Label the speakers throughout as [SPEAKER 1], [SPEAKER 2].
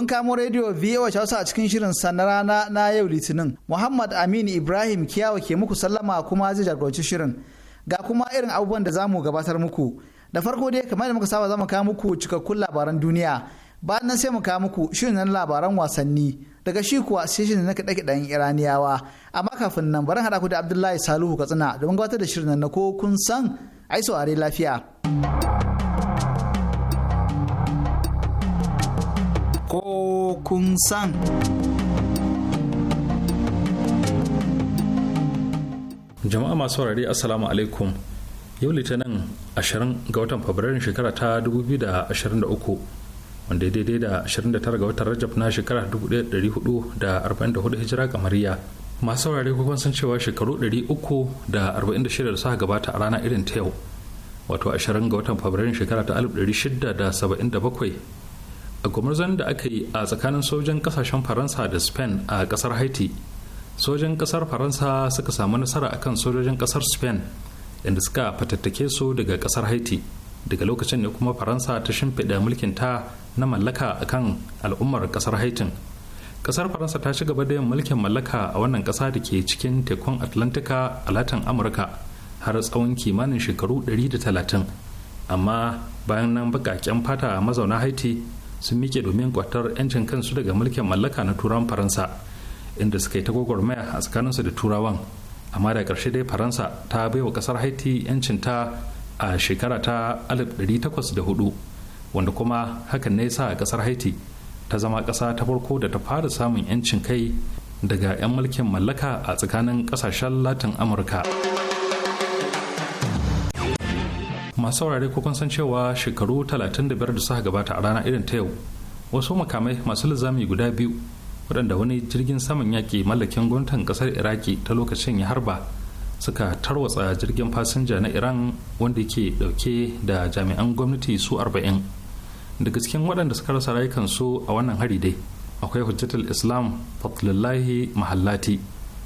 [SPEAKER 1] Kun kamo rediyo VOA Hausa a cikin shirin sana rana na yau Litinin. Muhammad Aminu Ibrahim Kiyawa ke muku sallama kuma zai jagoranci shirin. Ga kuma irin abubuwan da zamu gabatar muku. Da farko dai kamar da muka saba zamu kawo muku cikakkun labaran duniya. Bayan nan sai mu kawo muku shirin nan labaran wasanni. Daga shi kuwa sai shirin na kaɗe kiɗen Iraniyawa. Amma kafin nan bari haɗa ku da Abdullahi Salihu Katsina domin gabatar da shirin nan na ko kun san ai saurare lafiya. ko kun san.
[SPEAKER 2] Jama'a masu saurari Assalamu alaikum. Yau Litinin 20 ga watan Fabrairun shekara ta 2023 wanda ya daidai da 29 ga watan Rajab na shekara 1444 hijira ga mariya Masu saurari kukan san cewa shekaru 346 da suka gabata a rana irin ta yau. Wato 20 ga watan Fabrairun shekara ta 1677 a gumurzan da aka yi a tsakanin sojan kasashen faransa da spain a kasar haiti sojan kasar faransa suka samu nasara akan sojojin kasar spain inda suka fatattake su daga kasar haiti daga lokacin ne kuma faransa ta shimfiɗa mulkin ta na mallaka a kan al'ummar kasar haitin kasar faransa ta ci gaba da yin mulkin mallaka a wannan kasa da ke cikin tekun atlantika a latin amurka har tsawon kimanin shekaru 130 amma bayan nan bakaken fata mazauna haiti sun miƙe domin kwatar 'yancin kansu daga mulkin mallaka na turawan faransa inda suka yi ta gwagwarmaya a tsakaninsu da turawan amma da ƙarshe dai faransa ta bai wa ƙasar haiti 'yancin ta a shekara ta 1804 wanda kuma hakan ne sa ƙasar haiti ta zama ƙasa ta farko da ta fara samun 'yancin kai daga 'yan mulkin mallaka a tsakanin ƙasashen latin amurka. masu saurare ko kun san cewa shekaru 35 da suka gabata a rana irin ta yau wasu makamai masu lizami guda biyu waɗanda wani jirgin saman yaƙi mallakin gwamnatin ƙasar iraki ta lokacin ya harba suka tarwatsa jirgin fasinja na iran wanda ke ɗauke da jami'an gwamnati su 40 daga cikin waɗanda suka rasa rayukansu a wannan hari dai akwai hujjatul islam fatlullahi mahallati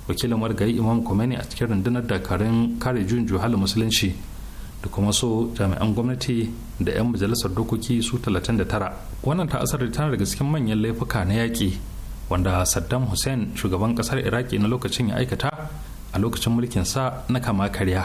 [SPEAKER 2] wakilin wargayi imam khomeini a cikin rundunar dakarun kare juyin juhalin musulunci da kuma su jami'an gwamnati da 'yan majalisar dokoki su 39 wannan asar tana daga cikin manyan laifuka na yaƙi wanda saddam hussein shugaban ƙasar iraki na lokacin ya aikata a lokacin mulkin sa na kama karya.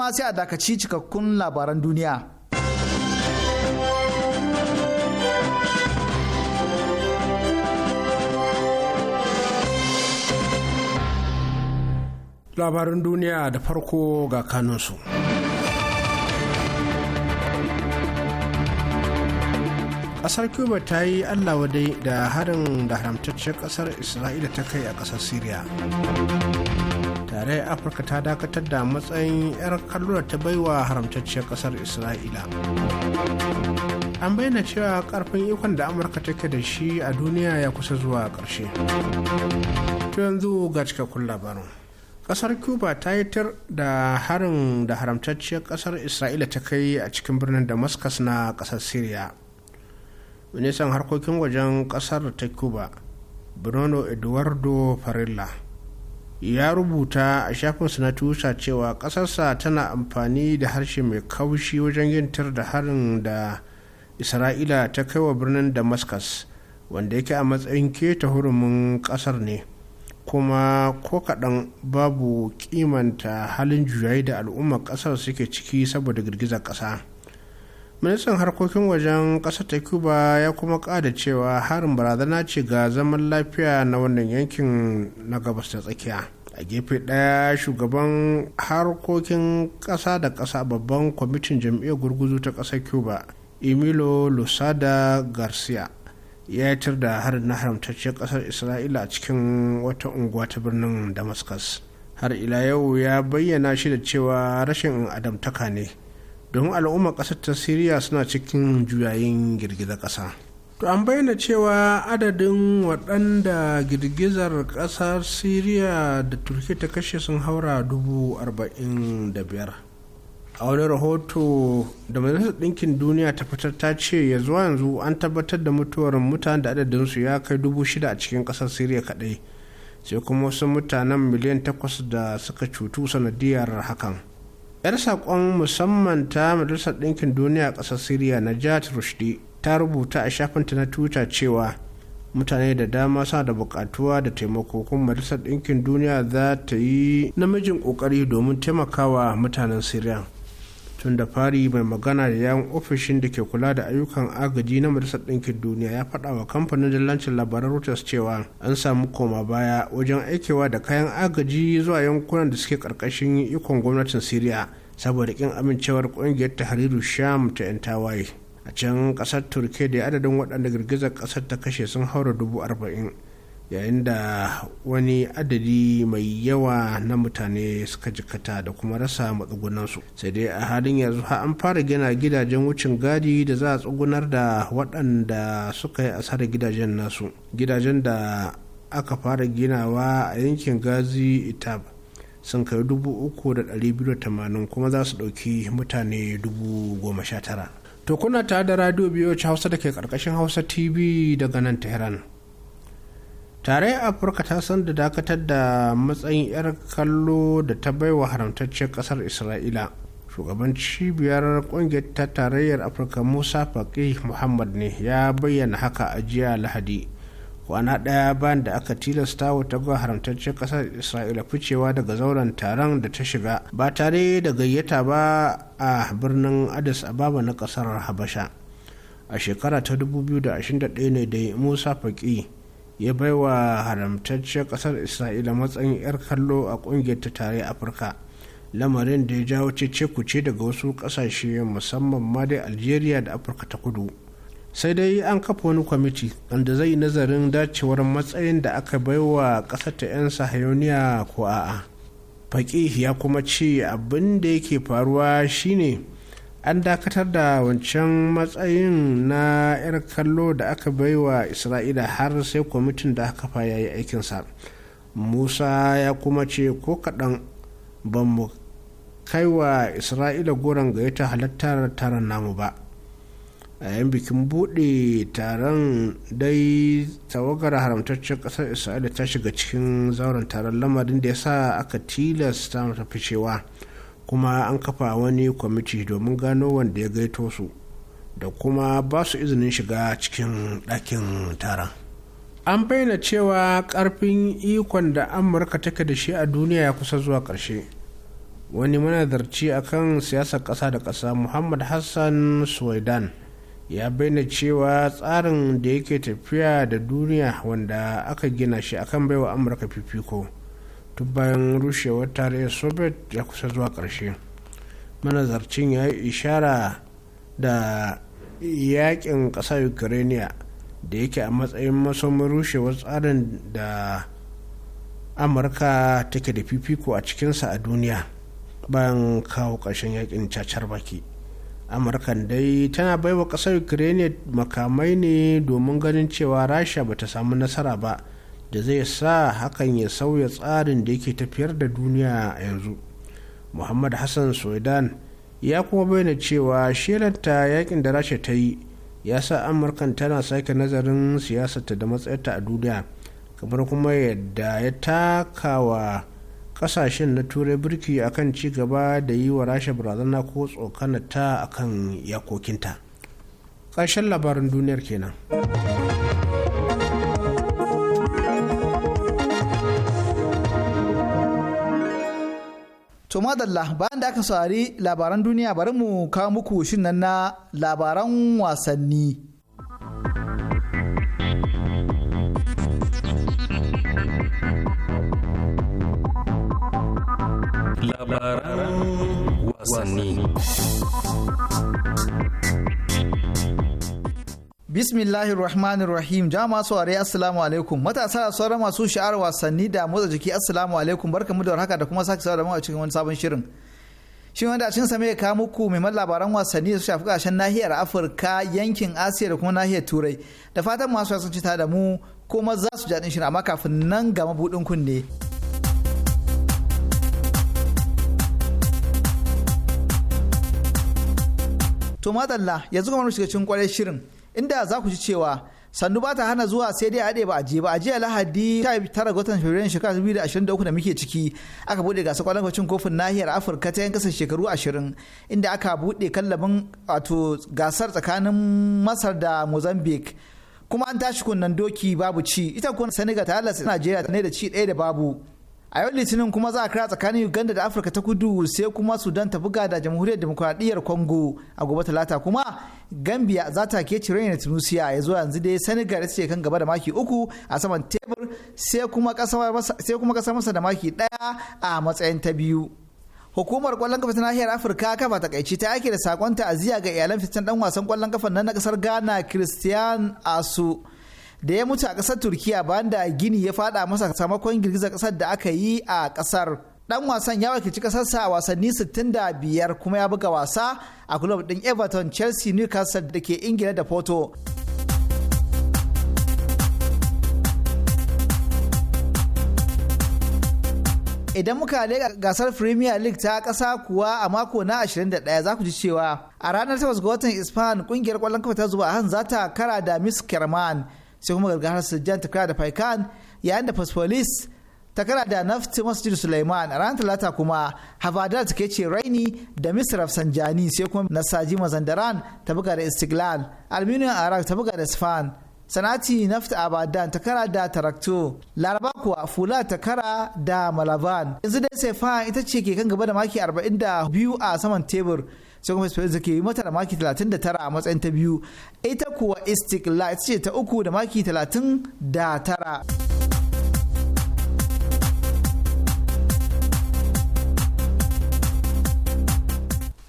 [SPEAKER 1] kuma sai a dakaci cikakkun labaran duniya.
[SPEAKER 3] Labarin duniya da farko ga kanunsu. Ƙasar Cuba ta yi Allah wadai da harin da haramtaccen ƙasar Isra'ila ta kai a ƙasar Siriya. tarayyar afirka ta dakatar da matsayin 'yar kallo da ta baiwa haramtacciyar kasar isra'ila an bayyana cewa karfin ikon da amurka take da shi a duniya ya kusa zuwa ƙarshe to yanzu ga cikakkun labarin kasar cuba ta yi tar da harin da haramtacciyar kasar isra'ila ta kai a cikin birnin damascus na kasar syria ministan harkokin wajen kasar ta cuba bruno eduardo farilla ya rubuta a shafinsa na tusa cewa ƙasarsa tana amfani da harshe mai kaushi wajen yin tar da harin da isra'ila ta kai wa birnin damascus wanda yake a matsayin keta hurumin ƙasar ne kuma ko kaɗan babu kimanta halin juyayi da al'ummar ƙasar suke ciki saboda girgizar ƙasa ministan harkokin wajen ƙasar ta cuba ya kuma ƙada cewa harin barazana ce ga zaman lafiya na wannan yankin na gabas ta tsakiya a gefe ɗaya shugaban harkokin ƙasa da ƙasa babban kwamitin jam'iyyar gurguzu ta ƙasar cuba emilo lusada garcia ya yatar da harin na haramtacciyar ƙasar isra'ila a cikin wata unguwa ta birnin damascus har ila yau ya bayyana shi da cewa rashin adamtaka ne domin al'ummar ƙasar ta siriya suna cikin juyayin girgizar ƙasa to an bayyana cewa adadin waɗanda girgizar ƙasar siriya da turki ta kashe sun haura dubu arba'in da biyar a wani rahoto da majalisar ɗinkin duniya ta fitar ta ce ya zuwa yanzu an tabbatar da mutuwar mutane da adadinsu ya kai dubu shida a cikin ƙasar siriya kaɗai sai kuma wasu mutanen miliyan takwas da suka cutu sanadiyar hakan 'yar saƙon musamman ta majalisar ɗinkin duniya a ƙasar siriya na jihar rushdi ta rubuta a shafinta na twitter cewa mutane da dama suna da buƙatuwa da taimako kuma majalisar ɗinkin duniya za ta yi namijin ƙoƙari domin taimakawa mutanen siriya tun da fari mai magana da yawon ofishin da ke kula da ayyukan agaji na majalisar ɗinkin duniya ya faɗa wa kamfanin dillancin labaran reuters cewa an samu koma baya wajen aikewa da kayan agaji zuwa yankunan da suke ƙarƙashin ikon gwamnatin syria saboda ƙin amincewar ƙungiyar hariru sham ta 'yan tawaye a can ƙasar turkey da adadin waɗanda girgizar ƙasar ta kashe sun haura dubu arba'in yayin da wani adadi mai yawa na mutane suka jikata da kuma rasa matsugunansu sai dai a halin yanzu har an fara gina gidajen wucin gadi da za a tsugunar da waɗanda suka yi asarar gidajen nasu gidajen da aka fara ginawa a yankin gazi itab sun kai tamanin kuma za su ɗauki mutane tara. to kuna tare da radio biyu hausa da ke karkashin hausa tv daga nan tehran tarayyar afirka ta san da dakatar da matsayin 'yar kallo da ta baiwa haramtacciyar kasar isra'ila shugaban cibiyar kungiyar ta tarayyar afirka musa faƙi muhammad ne ya bayyana haka a jiya lahadi kwana ɗaya bayan da aka tilasta wa tagon haramtacciyar ƙasar isra'ila ficewa daga zauren taron da ta shiga ba tare da gayyata ba a birnin addis ababa na ƙasar habasha a shekara ta 2021 ne da musa faƙi ya bai wa haramtaccen ƙasar isra'ila matsayin 'yar kallo a ƙungiyar ta tare afirka lamarin da ya jawo cece kuce daga wasu ƙasashe musamman ma dai algeria da afirka ta kudu sai dai an kafa wani kwamiti wanda zai nazarin dacewar matsayin da aka bai wa ƙasar ta 'yan sahayoniya ko a'a faƙih ya kuma ce abin da yake faruwa shine an dakatar da wancan matsayin na 'yar kallo da aka baiwa isra'ila har sai kwamitin da aka fa ya yi aikinsa musa ya kuma ce ko kaɗan ban mu kai wa isra'ila goron gayyata halartar taron namu ba a yan bikin buɗe taron dai tawagar haramtaccen ƙasar isra'ila ta shiga cikin zauren taron lamarin da ya sa aka tilasta mata ficewa. kuma an kafa wani kwamiti domin gano wanda ya gaito su da kuma ba su izinin shiga cikin ɗakin taron an bayyana cewa ƙarfin ikon da amurka take da shi a duniya ya kusa zuwa ƙarshe wani manazarci a kan siyasar ƙasa da ƙasa muhammad hassan suwaidan ya bayyana cewa tsarin da yake tafiya da duniya wanda aka gina shi akan baiwa amurka fifiko ta bayan rushewar tarihin soviet ya kusa zuwa ƙarshe manazarcin ya yi ishara da yakin ƙasar ukraine da yake a matsayin masomin rushewar tsarin da amurka take da fifiko a cikinsa a duniya bayan kawo ƙarshen yakin cacar baki amurkan dai tana baiwa ƙasar ukraine makamai ne domin ganin cewa rasha bata samu nasara ba da zai sa hakan ya sauya tsarin da yake tafiyar da duniya a yanzu muhammad hassan sudan ya kuma bayyana cewa shirinta yakin da rasha ta yi ya sa amurkan tana sake nazarin siyasarta da matsayarta a duniya kamar kuma yadda ya taka wa kasashen na turai birki akan ci gaba da yi wa rasha barazana ko tsokanata akan yakokinta ƙarshen labarin duniyar kenan.
[SPEAKER 1] To madalla bayan da aka saurari labaran duniya bari mu kawo muku shin nan na labaran wasanni.
[SPEAKER 4] Labaran wasanni.
[SPEAKER 1] Bismillahir Rahmanir Rahim. Jama saurare Assalamu alaikum. Matasa da sauran masu sha'ar wasanni da motsa jiki Assalamu alaikum. barka mu da warhaka da kuma sake saurara a cikin wani sabon shirin. Shin wanda a cikin same mai kawo muku mai labaran wasanni da su shafi kasashen nahiyar Afirka, yankin Asiya da kuma nahiyar Turai. Da fatan masu wasan cita da mu kuma za su jaɗin shirin amma kafin nan ga mabudin kunne. To madalla yanzu kuma mu shiga cikin kwarai shirin. inda za ku ji cewa sannu ba ta hana zuwa sai dai haɗe ba a je ba a jiya lahadi ta tara gwatan fabrairun shekara 2023 da muke ciki aka buɗe gasar kwallon kwacin kofin nahiyar afirka ta yan kasar shekaru 20 inda aka buɗe kallabin wato gasar tsakanin masar da mozambique kuma an tashi kunnen doki babu ci ita kuma senegal ta halasta najeriya ne da ci ɗaya da babu a yau litinin kuma za a kira tsakanin uganda da afirka ta kudu sai kuma sudan ta buga da jamhuriyar demokuraɗiyyar congo a gobe talata kuma gambia za ta ke cire na tunisia ya zo yanzu dai senegal ce kan gaba da maki uku a saman tebur sai kuma kasar masa da maki daya a matsayin ta biyu hukumar kwallon kafa ta nahiyar afirka kafa takaici ta ake da sakon ta'aziyya ga iyalan fitan dan wasan kwallon kafa na kasar ghana christian asu da ya mutu a ƙasar turkiya bayan da gini ya fada masa samakon girgizar kasar da aka yi a ƙasar dan wasan ya wakilci ƙasarsa a wasanni 65 kuma ya buga wasa a kulob din everton chelsea newcastle da ke ingila da porto idan muka leƙa gasar premier league ta ƙasa kuwa a mako na 21 za ku ji cewa a ranar 8 ga watan ispan kungiyar kwallon kafa ta zuwa han za kara da miss kerman sai kuma har sajjan ta kira da faikan yayin da fosfolis ta kira da nafti masjid suleiman a ranar talata kuma havadar ta ce raini da misr sanjani sai kuma nasaji mazandaran ta buga da istiklal aluminium arak ta buga da sfan sanati nafta abadan ta kara da tarakto laraba kuwa fula ta kara da malaban yanzu dai sai fa ita ce ke kan gaba da maki 42 a saman tebur sai kuma Esperance ke yi mata da maki 39 a matsayin ta biyu ita kuwa Istiklal ce ta uku da maki 39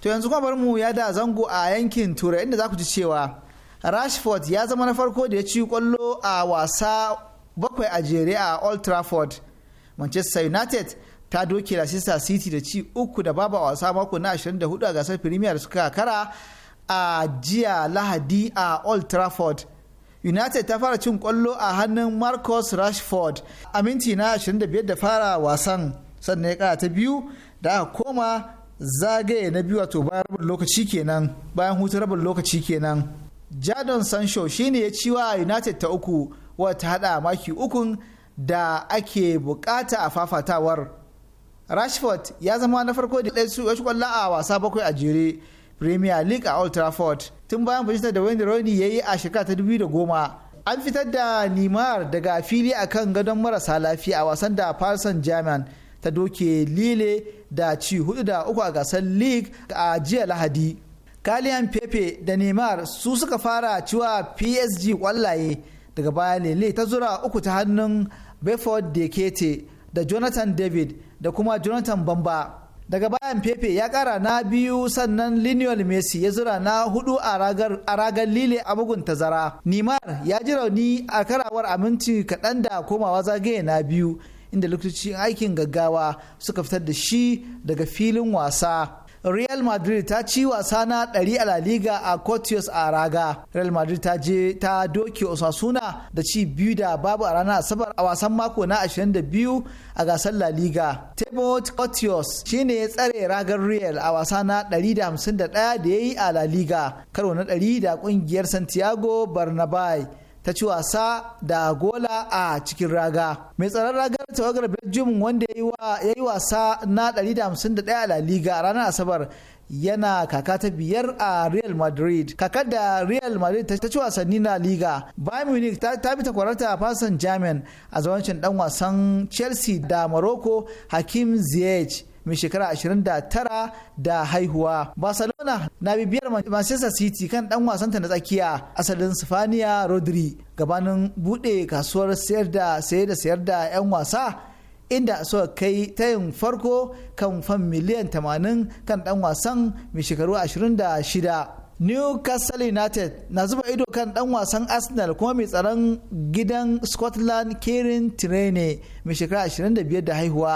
[SPEAKER 1] To yanzu kuma bar mu ya da zango a yankin Turai inda za ku ji cewa Rashford ya zama na farko da ya ci kwallo a wasa bakwai a jere a Old Trafford. Manchester United ta doke Leicester City da ci uku da babu a wasa mako na 24 a gasar Premier suka kara a jiya Lahadi a Old Trafford. United ta fara cin kwallo a hannun Marcus Rashford a minti na 25 da fara wasan sannan ya kara ta biyu da aka koma zagaye na biyu wato bayan rabin lokaci kenan bayan hutun rabin lokaci kenan. Jadon Sancho shine ya ci wa United ta uku wata hada maki ukun da ake bukata a fafatawar. rashford ya zama na farko da ɗaya su ya kwallo a wasa bakwai a jere premier league a old trafford tun bayan bajinta da wayne rooney ya yi a shekara ta dubu da goma an fitar da nimar daga fili a kan gadon marasa lafiya a wasan da paris german ta doke lile da ci hudu da uku a gasar league a jiya lahadi kaliyan pepe da neymar su suka fara ciwa psg kwallaye daga baya lele ta zura uku ta hannun beford da kete da jonathan david da kuma jonathan bamba daga bayan pepe ya kara na biyu sannan lionel messi ya zura na hudu a ragar lile a bugun tazara nimar ya ji rauni a karawar aminci kaɗan da komawa zagaye na biyu inda lokacin aikin gaggawa suka fitar da shi daga filin wasa real madrid ta ci wasa na ɗari a la liga a cotius a raga real madrid ta je ta doke osasuna da ci biyu da babu a ranar asabar a wasan mako na 22 a gasar la liga tebo cotius shine ya tsare ragar real a wasa na 151 da ya yi a la liga karo na ɗari da ƙungiyar santiago barnabai ta ci wasa da gola a cikin raga mai tsaron ragar tawagar belgium wanda ya yi wasa na 151 a la liga ranar asabar yana kaka ta biyar a real madrid kakar da real madrid ta ci wasanni na liga bayern munich ta bi ta kwararta fasan german a zawancin dan wasan chelsea da morocco hakim ziyech mai shekara 29 da haihuwa barcelona na bibiyar manchester city kan dan wasanta na tsakiya asalin sifaniya rodri gabanin bude kasuwar sayar da sayar da sayar da 'yan wasa inda suka kai yin farko kan fan miliyan 80 kan dan wasan mai shekaru 26 Newcastle United na zuba ido kan dan wasan Arsenal kuma mai tsaron gidan Scotland Kieran Tierney mai shekara 25 da haihuwa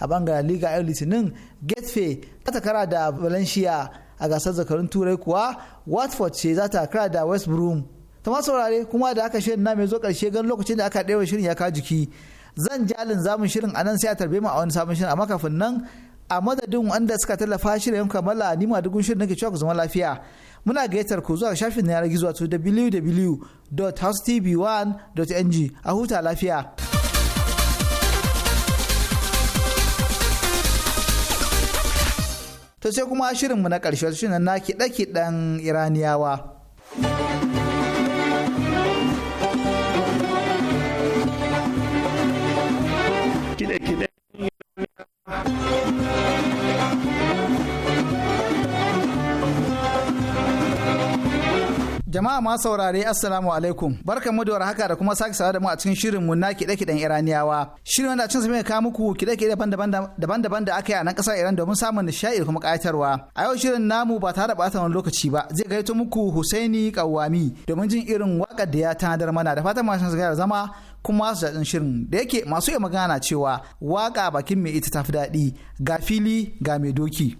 [SPEAKER 1] a bangaren liga yan litinin getfe za ta kara da valencia a gasar zakarun turai kuwa watford ce za ta kara da west brom ta ma saurare kuma da aka shirin na mai zo karshe gan lokacin da aka ɗewa shirin ya ka jiki zan jalin zamun shirin a nan sai a tarbe mu a wani sabon shirin amma kafin nan a madadin wanda suka tallafa shirin yanka kamala ni ma dugun shirin nake cewa ku zama lafiya muna gayyatar ku zuwa shafin yanar gizo wato www.housetv1.ng a huta lafiya. to sai kuma shirinmu na ƙarshe shi na kiɗe-kiɗen iraniyawa
[SPEAKER 2] Thank you. iraniyawa
[SPEAKER 1] Jama'a ma saurare Assalamu alaikum. Barkanmu da haka da kuma sake sawa da mu a cikin mu na kiɗe-kiɗen Iraniyawa. Shirin wanda cin mai kawo muku kiɗe-kiɗe daban-daban da aka yi a nan ƙasar Iran domin samun nishaɗi da kuma ƙayatarwa. A yau shirin namu ba tare da ɓata wani lokaci ba zai gaito muku Husaini Kawami domin jin irin waƙar da ya tanadar mana da fatan masu da zama kuma su daɗin shirin da yake masu iya magana cewa waka bakin mai ita tafi daɗi ga fili ga mai doki.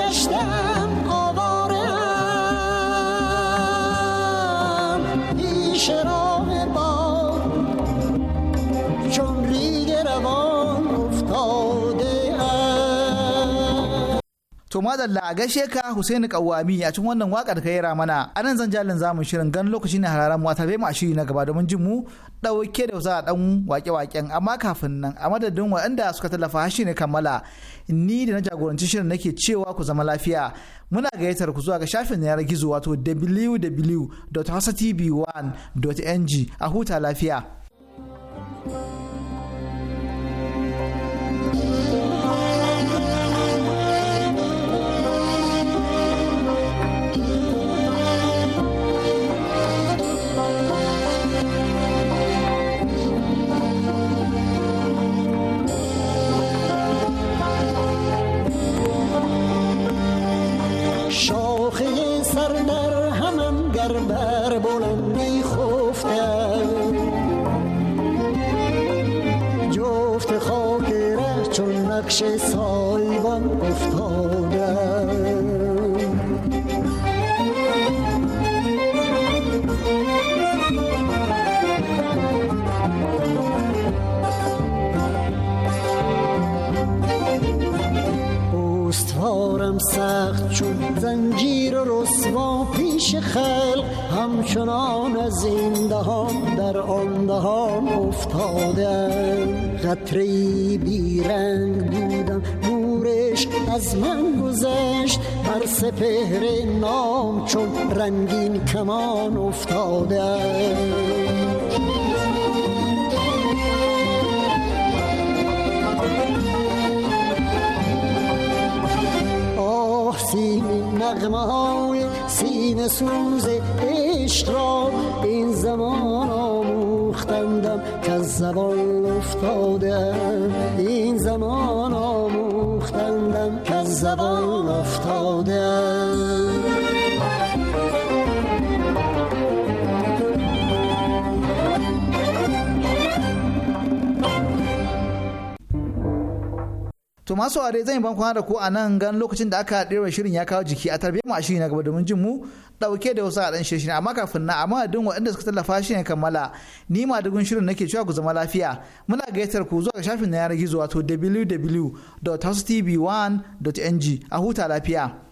[SPEAKER 5] گشتم آوارم پیش
[SPEAKER 1] To ma a gaishe ka Hussein Kawami a cikin wannan waƙar ka yi mana a nan zan jalin zamu shirin gan lokaci ne hararan mu ta mu a shiri na gaba domin jin mu dauke da wasu a dan wake-waken amma kafin nan a madadin waɗanda suka tallafa shi ne kammala ni da na jagoranci shirin nake cewa ku zama lafiya muna gayyatar ku zuwa ga shafin yanar gizo wato www.hausatv1.ng a huta lafiya.
[SPEAKER 5] قطری بیرنگ بودم نورش از من گذشت بر سپهر نام چون رنگین کمان افتاده آه سین نغمه های سینه سوز عشق را این زمان زبان افتاده این زمان آموختندم که زبان افتاده
[SPEAKER 1] to masu ware zan yi ban kwana da ku a nan gan lokacin da aka ɗirwa shirin ya kawo jiki a tarbiyyar mu a shirin na gaba domin jin mu ɗauke da wasu a ɗan shirin amma kafin na amma duk waɗanda suka tallafa shi ne kammala ni ma dugun shirin nake cewa ku zama lafiya muna gayyatar ku zuwa ga shafin na yanar gizo wato www.housetv1.ng a huta lafiya.